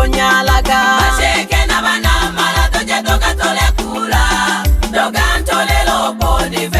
konyalaga masheke na banamala toja toka tolekula toka ntolelo podive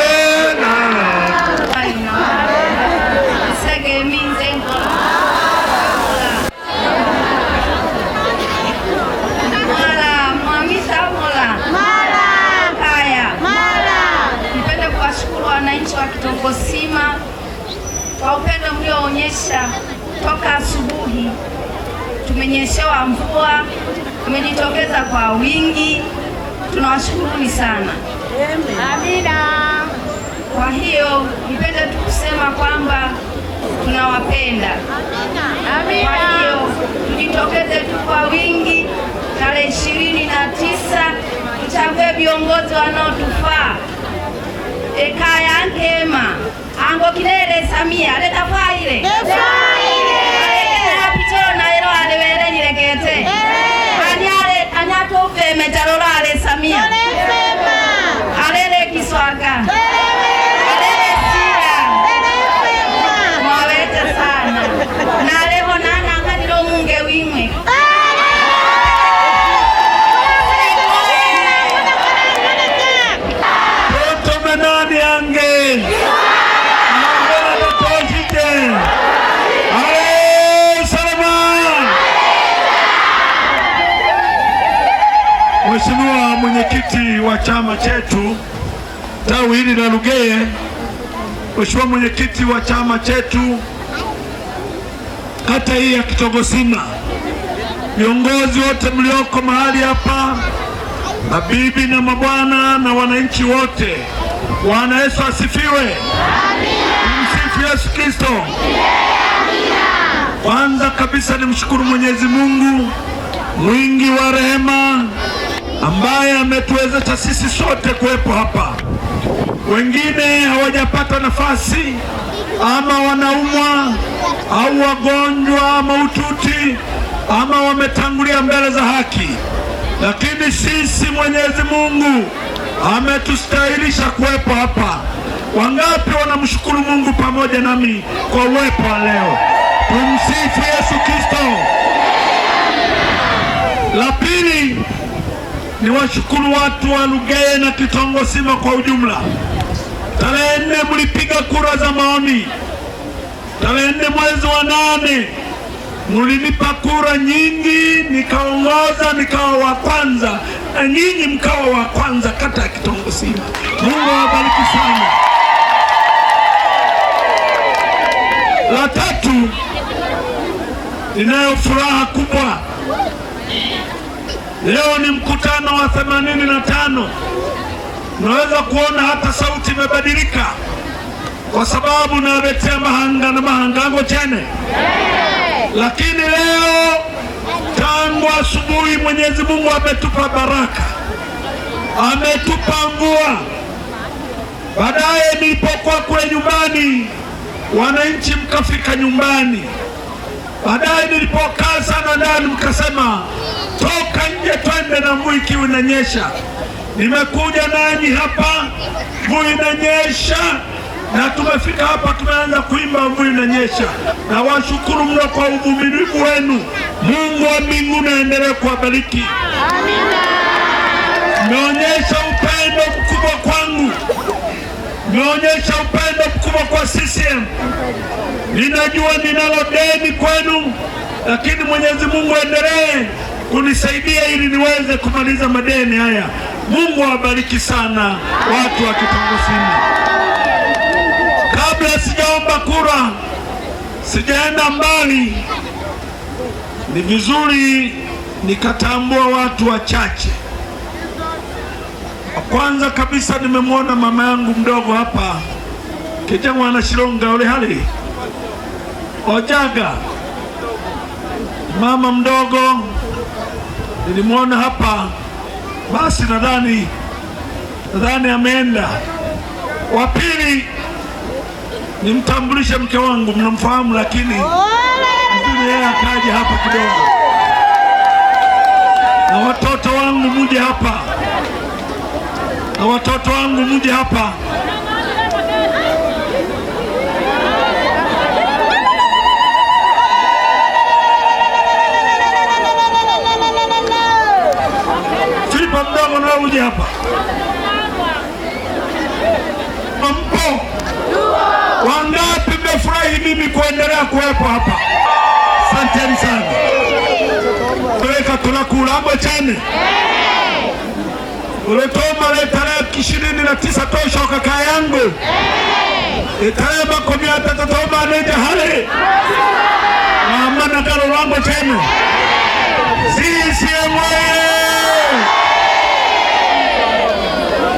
kumenyeshewa mvua, tumejitokeza kwa wingi. Tunawashukuruni sana. Amina. Kwa hiyo nipende tu kusema kwamba tunawapenda. Amina. Kwa hiyo tujitokeze tu kwa wingi tarehe ishirini na tisa tuchague viongozi wanaotufaa. Ekaya yake ango kilele Samia leta faile itegeete ani atoveemejalolo alesamia mwenyekiti wa chama chetu tawi hili la Lugeye, mheshimiwa mwenyekiti wa chama chetu kata hii ya Kitogosima, viongozi wote mlioko mahali hapa, mabibi na mabwana na wananchi wote, Bwana Yesu asifiwe. Msifu Yesu Kristo. Kwanza kabisa nimshukuru Mwenyezi Mungu mwingi wa rehema ambaye ametuwezesha sisi sote kuwepo hapa. Wengine hawajapata nafasi, ama wanaumwa au wagonjwa mahututi, ama wametangulia mbele za haki, lakini sisi Mwenyezi Mungu ametustahilisha kuwepo hapa. Wangapi wanamshukuru Mungu pamoja nami kwa uwepo wa leo? Tumsifu Yesu Kristo. La pili niwashukuru watu wa Lugeye na Kitongosima kwa ujumla. Tarehe nne mlipiga kura za maoni, tarehe nne mwezi wa nane mlinipa kura nyingi, nikaongoza nikawa wa kwanza, na nyinyi mkawa wa kwanza kata ya Kitongosima. Mungu awabariki sana. La tatu, ninayo furaha kubwa Leo ni mkutano wa 85. naweza kuona hata sauti imebadilika kwa sababu nabetea mahanga na mahangango chene, lakini leo tangu asubuhi Mwenyezi Mungu ametupa baraka, ametupa mvua. Baadaye nilipokuwa kule nyumbani, wananchi mkafika nyumbani, baadaye nilipokaa sana ndani, mkasema toka nje, twende na mvua ikiwa inanyesha. Nimekuja nanyi hapa, mvua inanyesha na tumefika hapa, tumeanza kuimba mvua inanyesha, na washukuru mno kwa uvumilivu wenu. Mungu wa mbinguni aendelee kuwabariki. Mmeonyesha upendo mkubwa kwangu, mmeonyesha upendo mkubwa kwa CCM. Ninajua ninalo deni kwenu, lakini Mwenyezi Mungu endelee kunisaidia ili niweze kumaliza madeni haya. Mungu awabariki sana watu wa Kitungusini. Kabla sijaomba kura, sijaenda mbali, ni vizuri nikatambua watu wachache. Kwanza kabisa nimemwona mama yangu mdogo hapa Kijana mwana Shilonga ole hali Ojaga, mama mdogo nilimwona hapa, basi nadhani nadhani ameenda. Wa pili nimtambulishe mke wangu, mnamfahamu lakini mzuri, oh, yeye akaje hapa kidogo, na watoto wangu muje hapa, na watoto wangu muje hapa. uje hapa mpo wangapi? Mmefurahi mimi kuendelea kuwepo hapa? Asanteni sana. Tuleka tunakula hapo chani. uletoma le tarehe ishirini na tisa tosha kaka yangu itarehe makumi atatu tomanete hale namana chani. Sisi chane sisiemu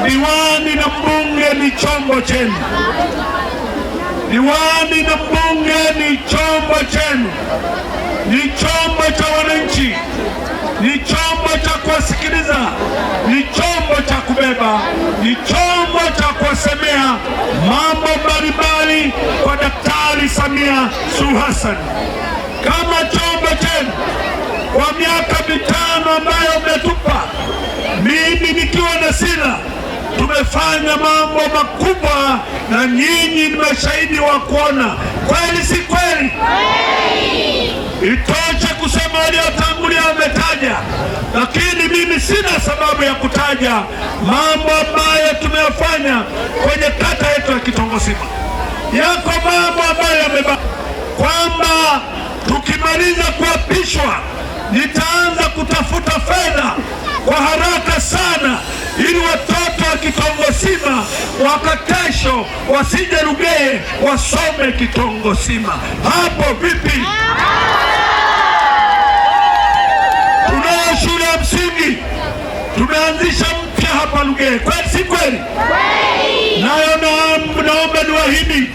Diwani na mbunge ni chombo chenu, diwani na mbunge ni chombo chenu, ni chombo cha wananchi, ni chombo cha kuwasikiliza, ni chombo cha kubeba, ni chombo cha kuwasemea mambo mbalimbali kwa Daktari Samia Suluhu Hassan kama chombo chenu kwa miaka mitano amefanya mambo makubwa, na nyinyi ni mashahidi wa kuona. Kweli si kweli? Itoshe kusema aliyotangulia ametaja, lakini mimi sina sababu ya kutaja mambo ambayo tumeyafanya kwenye kata yetu ya Kitongosima. Yako mambo ambayo yameba kwamba tukimaliza kuapishwa nitaanza kutafuta fedha kwa haraka sana, ili watoto wa Kitongosima wakatesho wasije Rugeye, wasome Kitongosima. Hapo vipi? Tunayo shule ya msingi tumeanzisha mpya hapa Rugeye, kweli si kweli? Nayo naomba niwahidi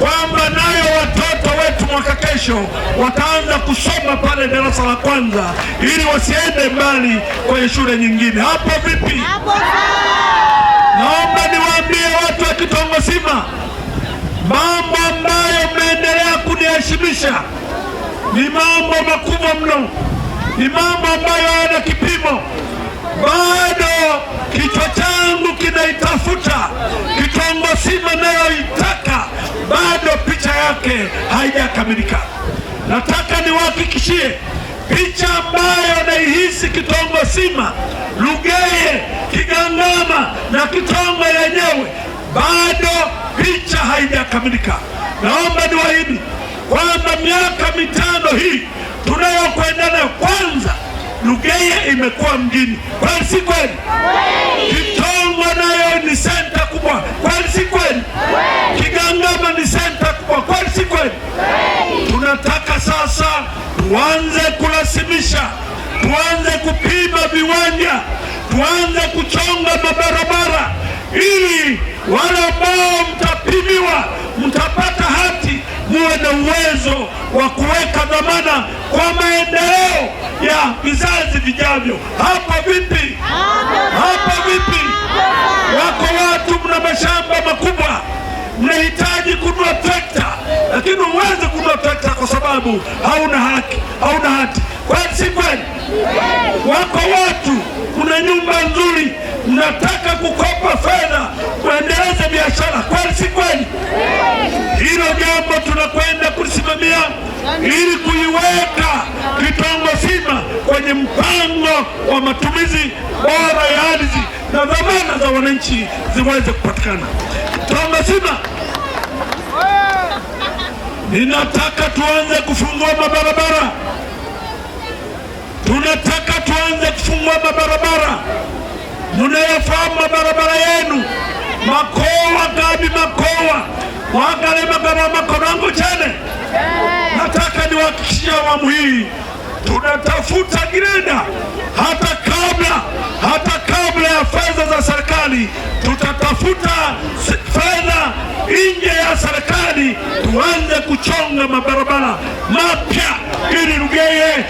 kwamba nayo watoto mwaka kesho wataanza kusoma pale darasa la kwanza, ili wasiende mbali kwenye shule nyingine. Hapo vipi? Naomba niwaambie watu wa Kitongosima, mambo ambayo mmeendelea kuniheshimisha ni mambo makubwa mno, ni mambo ambayo hayana kipimo bado kichwa changu kinaitafuta, kitongo sima nayoitaka, bado picha yake haijakamilika. Nataka niwahakikishie picha ambayo naihisi kitongo sima, Lugeye, Kigangama na kitongo yenyewe, bado picha haijakamilika. Naomba niwaahidi kwamba miaka mitano hii tunayokwenda nayo, kwanza lugeye imekuwa mjini, kweli si kweli? Kitongwa nayo ni senta kubwa, kweli si kweli? Kigangama ni senta kubwa, kweli si kweli? Tunataka sasa tuanze kurasimisha tuanze kupima viwanja, tuanze kuchonga mabarabara, ili wale ambao mtapimiwa mtapata hati, muwe na uwezo wa kuweka dhamana kwa maendeleo ya vizazi vijavyo. Hapa vipi? Hapa vipi? Wako watu mna mashamba makubwa, mnahitaji kunua trekta, lakini huwezi kunua trekta kwa sababu hauna haki, hauna hati. Kweli si kweli? Wako watu, kuna nyumba nzuri, mnataka kukopa fedha kuendeleza biashara, kweli si kweli? Hilo jambo tunakwenda kulisimamia ili kuiweka Kitongo Sima kwenye mpango wa matumizi bora ya ardhi na dhamana za wananchi ziweze kupatikana Kitongo Sima. Ninataka tuanze kufungua mabarabara tunataka tuanze kufungua mabarabara. Mnayafahamu mabarabara yenu, Makowa Gabi, Makowa Wagalema, Garamakoro, Ango Chene. Nataka niwahakikishie awamu hii tunatafuta greda hata kabla hata kabla ya fedha za serikali, tutatafuta fedha nje ya serikali tuanze kuchonga mabarabara mapya ili Rugeye,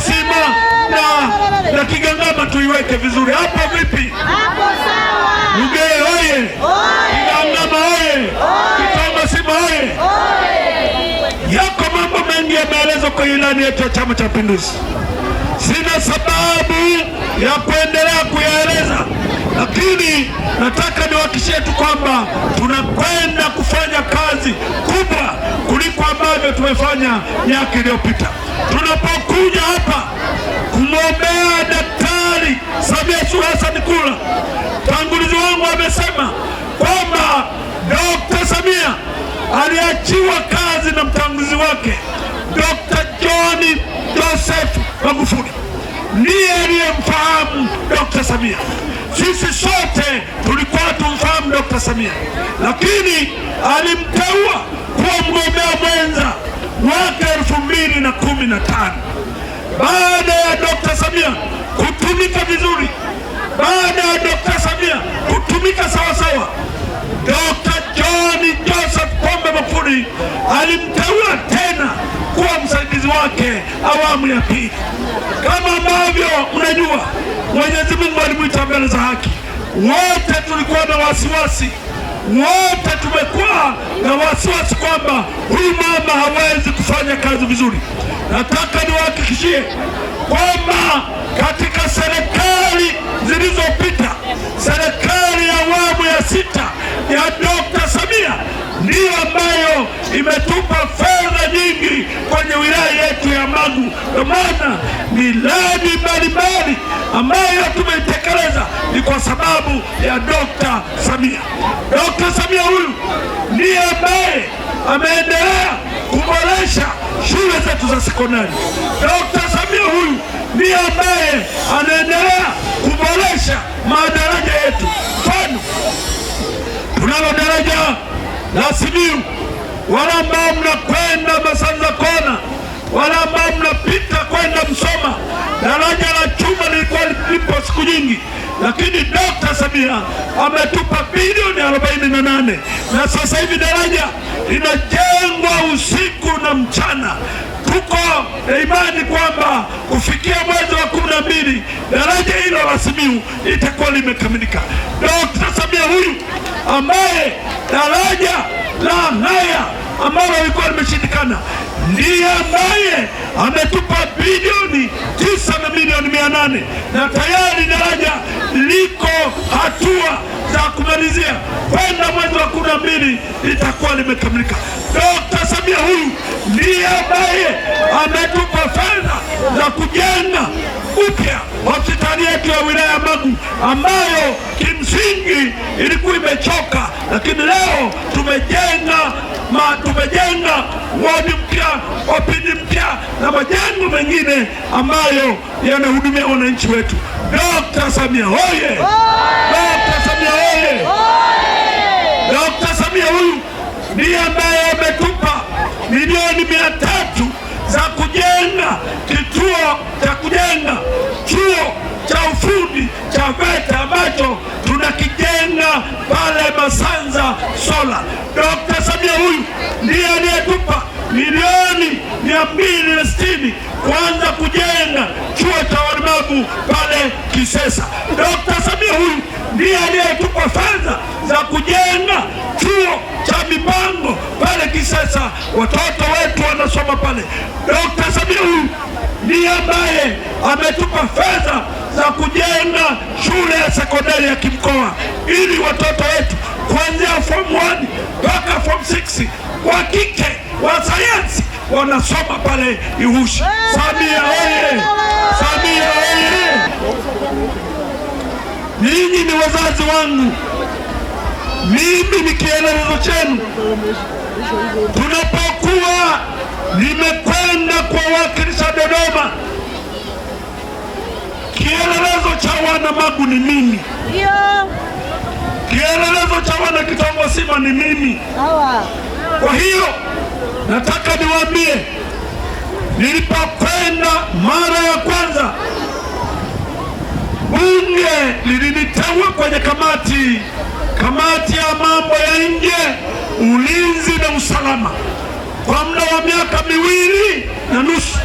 Sima na, na Kigangama tuiweke vizuri. Hapo vipi? Rugeye oye! Kigangama oye! oye! oye! zaidi ya maelezo kwenye ilani yetu ya Chama cha Mapinduzi. Sina sababu ya kuendelea kuyaeleza, lakini nataka niwahakikishie tu kwamba tunakwenda kufanya kazi kubwa kuliko ambavyo tumefanya miaka iliyopita. Tunapokuja hapa kumwombea Daktari Samia Suluhu Hassan kula mtangulizi wangu amesema kwamba Dokta Samia aliachiwa kazi na mtangulizi wake Dr. John Joseph Magufuli ndiye aliyemfahamu Dr. Samia. Sisi sote tulikuwa tumfahamu Dr. Samia, lakini alimteua kuwa mgombea mwenza mwaka elfu mbili na kumi na tano baada ya Dr. Samia kutumika vizuri, baada ya Dr. Samia kutumika sawasawa sawa. Dr. John Joseph Pombe Magufuli alimteua tena kuwa msaidizi wake awamu ya pili. Kama ambavyo mnajua, Mwenyezi Mungu alimwita mbele za haki. Wote tulikuwa na wasiwasi wote tumekuwa na wasiwasi kwamba huyu mama hawezi kufanya kazi vizuri. Nataka niwahakikishie kwamba katika serikali zilizopita, serikali ya awamu ya sita ya Dr. Samia ndiyo ambayo imetupa fedha nyingi kwenye wilaya yetu ya Magu. Ndio maana miradi mbalimbali ambayo tumeitekeleza ni kwa sababu ya Dr. Samia. Dr. Samia huyu ndiye ambaye ameendelea kuboresha shule zetu za sekondari. Dr. Samia huyu ndiye ambaye anaendelea kuboresha madaraja yetu. Mfano, tunalo daraja la Simiyu. Wale ambao mnakwenda Masanza Kona, wale ambao mnapita kwenda Msoma, daraja la chuma lilikuwa lipo siku nyingi, lakini Dkt. Samia ametupa bilioni nane na sasa hivi daraja linajengwa usiku na mchana mfuko na imani kwamba kufikia mwezi wa kumi na mbili daraja hilo la Simiyu litakuwa limekamilika. Dokta Samia huyu ambaye daraja la haya ambalo alikuwa limeshindikana ndiye ambaye ametupa bilioni tisa na milioni mia nane na tayari daraja liko hatua za kumalizia kwenda mwezi wa kumi na mbili litakuwa limekamilika. Dokta Samia huyu ndiye ambaye ametupa fedha za kujenga upya hospitali yetu ya wilaya ya Magu ambayo kimsingi ilikuwa imechoka, lakini leo tumejenga ma tumejenga wodi mpya, opini mpya na majengo mengine ambayo yanahudumia wananchi wetu. Dr. Samia oye! Dr. Samia oye! Dr. Samia huyu ndiye ambaye ametupa milioni mia tatu za kujenga kituo cha kujenga chuo cha ufundi cha VETA ambacho tunakijenga pale Masanza Sola. Dr. Samia huyu ndiye aliyetupa milioni mia mbili na sitini kuanza kujenga chuo cha walemavu pale Kisesa. Dr. Samia huyu ndiye aliyetupa fedha za kujenga chuo cha mipango pale Kisesa, watoto wetu wanasoma pale. Dr. Samia huyu ndiye ambaye ametupa fedha za kujenga shule ya sekondari ya kimkoa ili watoto wetu kuanzia form 1 mpaka form 6 wa kike wa sayansi wanasoma pale Ihushi. Samia oye! Samia oye! Ninyi ni wazazi wangu, mimi ni kielelezo chenu. Tunapokuwa nimekwenda kuwawakilisha Dodoma, kielelezo cha wana Magu ni mimi, kielelezo cha wana Kitongo Sima ni mimi. Kwa hiyo nataka niwaambie, nilipokwenda mara ya kwanza bunge liliniteua kwenye kamati kamati ya mambo ya nje, ulinzi na usalama kwa muda wa miaka miwili na nusu.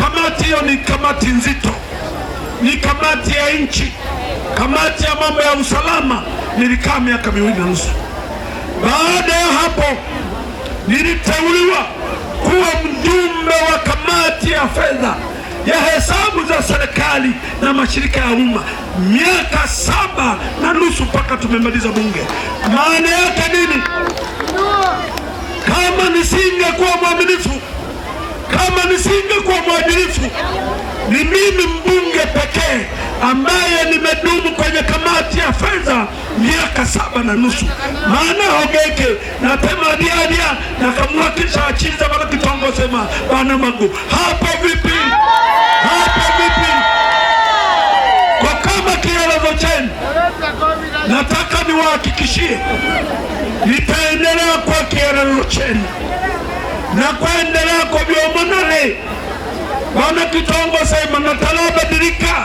Kamati hiyo ni kamati nzito, ni kamati ya nchi. Kamati ya mambo ya usalama nilikaa miaka miwili na nusu. Baada ya hapo, niliteuliwa kuwa mjumbe wa kamati ya fedha ya hesabu za serikali na mashirika ya umma miaka saba na nusu mpaka tumemaliza bunge. Maana yake nini? Kama nisingekuwa mwaminifu, kama nisingekuwa mwadilifu ni mimi mbunge pekee ambaye nimedumu kwenye kamati ya fedha miaka saba na nusu. Maana Hogeke napema diadia nakamwakilisha achiza bana kitongo sema bana magu hapo vipi? Hapo vipi? Kwa kama kielezo chenu, nataka niwahakikishie nitaendelea kwa kielelo chenu na kuendelea kwa vyomonale wana Kitongo sema natalobadilika,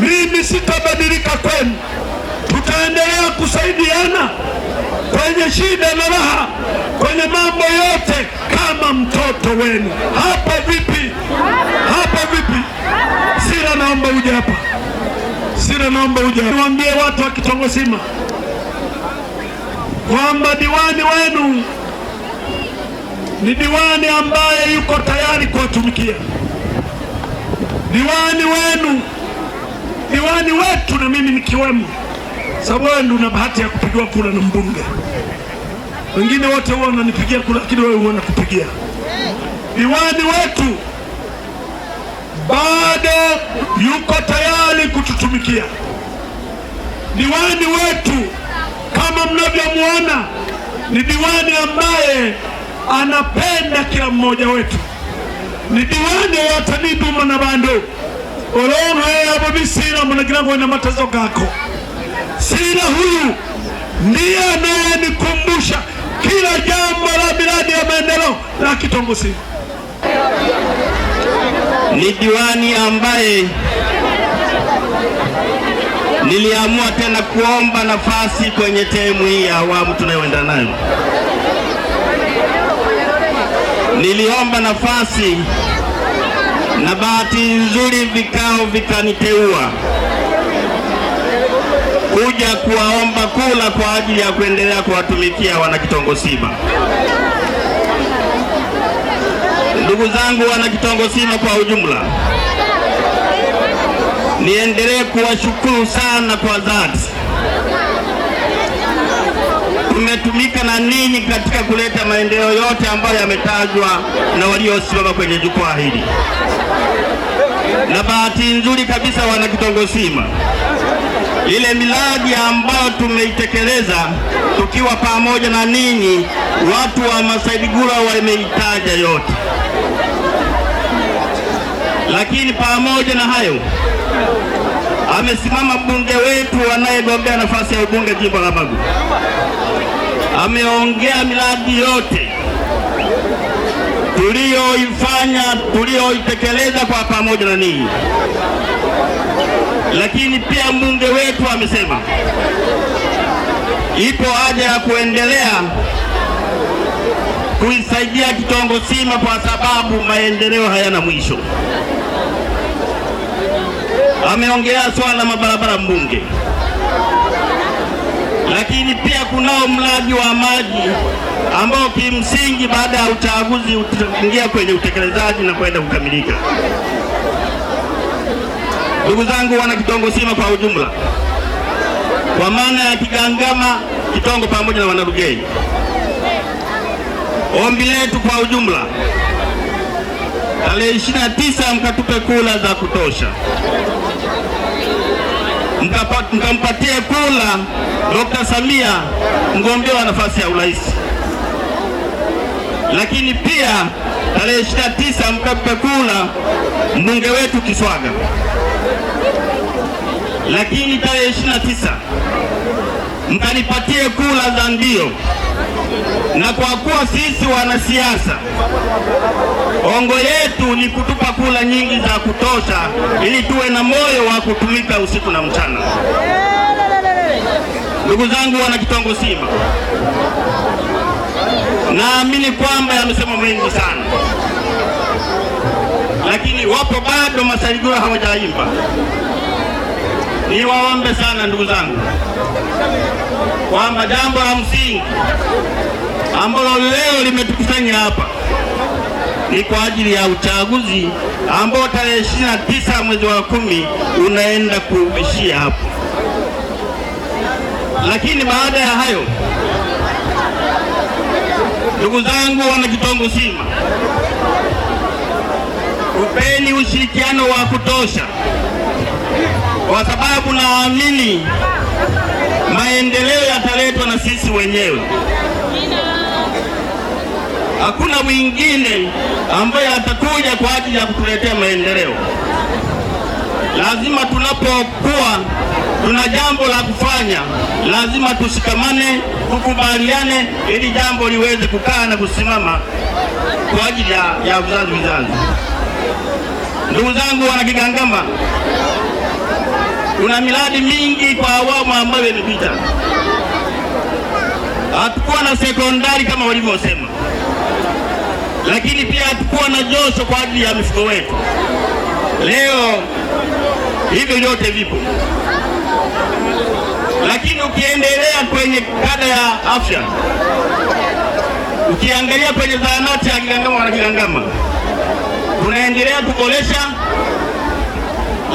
mimi sitabadilika kwenu, tutaendelea kusaidiana kwenye shida na raha, kwenye mambo yote kama mtoto wenu. Hapa vipi? Hapa vipi? Sira, naomba uje hapa. Sira, naomba uje hapa, niwaambie watu wa kitongo sima kwamba diwani wenu ni diwani ambaye yuko tayari kuwatumikia diwani wenu, diwani wetu na mimi nikiwemo, sababu wewe ndio una bahati ya kupigiwa kura na mbunge. Wengine wote huwa wananipigia kura, lakini wewe huwa kupigia Diwani wetu bado yuko tayari kututumikia. Diwani wetu kama mnavyomwona, ni diwani ambaye anapenda kila mmoja wetu ni diwani eyatani iduma na bandu olweno eyabo bisira munagirango ena matazo gako sira huyu ndiye anayenikumbusha kila jambo la miradi ya maendeleo la Kitongosi. Ni diwani ambaye niliamua tena kuomba nafasi kwenye temu hii ya awamu tunayoenda nayo niliomba nafasi na bahati nzuri vikao vikaniteua kuja kuwaomba kula kwa ajili ya kuendelea kuwatumikia wanakitongosima. Ndugu zangu wanakitongosima kwa ujumla, niendelee kuwashukuru sana kwa dhati tumetumika na ninyi katika kuleta maendeleo yote ambayo yametajwa na waliosimama kwenye jukwaa hili, na bahati nzuri kabisa, wana Kitongosima, ile miradi ambayo tumeitekeleza tukiwa pamoja na ninyi, watu wa masaidi Gura wameitaja yote, lakini pamoja na hayo amesimama mbunge wetu anayegombea nafasi ya ubunge jimbo la Magu, ameongea miradi yote tuliyoifanya tuliyoitekeleza kwa pamoja na ninyi, lakini pia mbunge wetu amesema ipo haja ya kuendelea kuisaidia Kitongosima kwa sababu maendeleo hayana mwisho ameongelea swala mabarabara mbunge, lakini pia kunao mradi wa maji ambao kimsingi baada ya uchaguzi utaingia kwenye utekelezaji na kwenda kukamilika. Ndugu zangu wana Kitongosima kwa ujumla, kwa maana ya Kigangama, Kitongo pamoja na Wanarugei, ombi letu kwa ujumla tarehe 29 mkatupe kula za kutosha, mkampatie kula Dr. Samia mgombea wa nafasi ya urais. Lakini pia tarehe 29 mkatupe kula mbunge wetu Kiswaga. Lakini tarehe 29 mkanipatie kula za ndio, na kwa kuwa sisi wanasiasa Ongo yetu ni kutupa kula nyingi za kutosha, ili tuwe na moyo wa kutumika usiku na mchana. Ndugu zangu wana Kitongo Sima, naamini kwamba yamesema mengi sana, lakini wapo bado masaligio hawajaimba. Niwaombe sana ndugu zangu kwamba jambo la msingi ambalo leo limetukusanya hapa ni kwa ajili ya uchaguzi ambao tarehe 29 mwezi wa kumi unaenda kuishia hapo. Lakini baada ya hayo, ndugu zangu, wana Kitongo sima, upeni ushirikiano wa kutosha, kwa sababu naamini maendeleo yataletwa na sisi wenyewe hakuna mwingine ambaye atakuja kwa ajili ya kutuletea maendeleo. Lazima tunapokuwa tuna jambo la kufanya, lazima tushikamane, tukubaliane ili jambo liweze kukaa na kusimama kwa ajili ya vizazi vizazi. Ndugu zangu wanakigangama kuna miradi mingi kwa awamu ambayo imepita. Hatukuwa na sekondari kama walivyosema lakini pia hatukuwa na josho kwa ajili ya mifugo wetu. Leo hivyo vyote vipo, lakini ukiendelea kwenye kada ya afya, ukiangalia kwenye zahanati ya Kigangama na Kigangama tunaendelea kuboresha,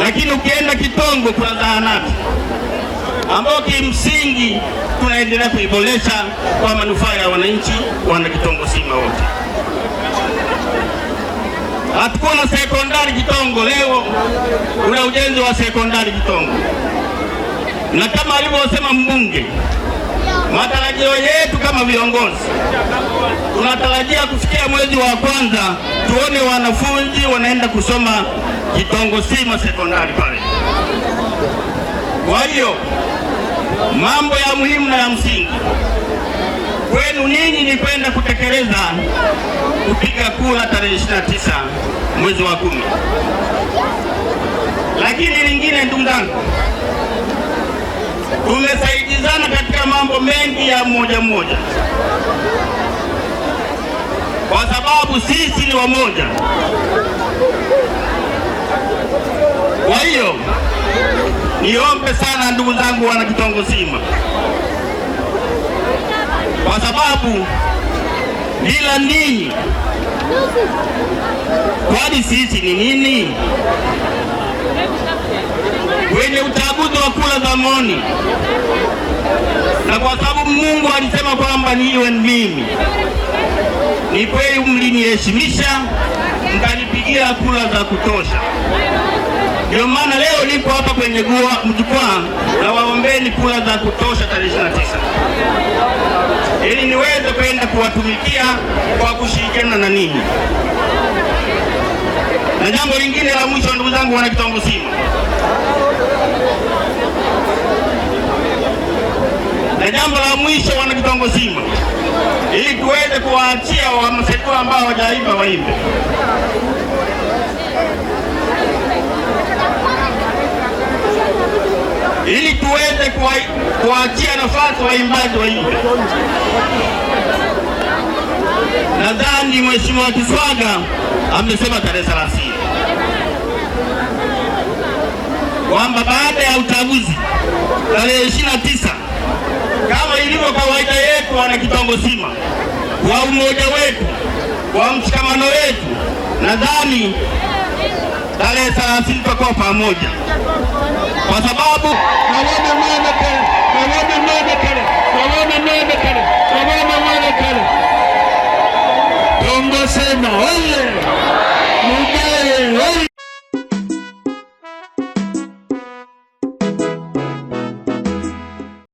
lakini ukienda Kitongo kuna zahanati ambayo kimsingi tunaendelea kuiboresha kwa manufaa ya wananchi wana Kitongo sima wote hatukuwa na sekondari Kitongo, leo kuna ujenzi wa sekondari Kitongo, na kama alivyosema mbunge, matarajio yetu kama viongozi tunatarajia kufikia mwezi wa kwanza tuone wanafunzi wanaenda kusoma Kitongo sima sekondari pale. Kwa hiyo mambo ya muhimu na ya msingi kwenu ninyi ni kwenda kutekeleza kupiga kura tarehe 29 mwezi wa kumi. Lakini lingine, ndugu zangu, tumesaidizana katika mambo mengi ya mmoja mmoja, kwa sababu sisi ni wamoja. Kwa hiyo niombe sana ndugu zangu, wana Kitongosima kwa sababu bila ninyi kwani sisi ni nini? Kwenye uchaguzi wa kula za maoni, na kwa sababu Mungu alisema kwamba niwe mimi, ni kweli mliniheshimisha mkanipigia kula za kutosha. Ndio maana leo nipo hapa kwenye jukwaa na waombeni kura za kutosha tarehe 29 ili niweze kwenda kuwatumikia kwa kushirikiana na ninyi. Na jambo lingine la mwisho, ndugu zangu wana Kitongo Sima, na jambo la mwisho wana Kitongo Sima, ili tuweze kuwaachia wamasekua ambao hawajaiba waimbe. ili tuweze kuachia nafasi waimbaji waimbe. Nadhani Mheshimiwa Kiswaga amesema tarehe 30 kwamba baada ya uchaguzi tarehe 29 kama ilivyo kawaida yetu, wana Kitongosima, kwa umoja wetu, kwa mshikamano wetu, nadhani tarehe thelathini tutakuwa pamoja, kwa sababu Dongosema oye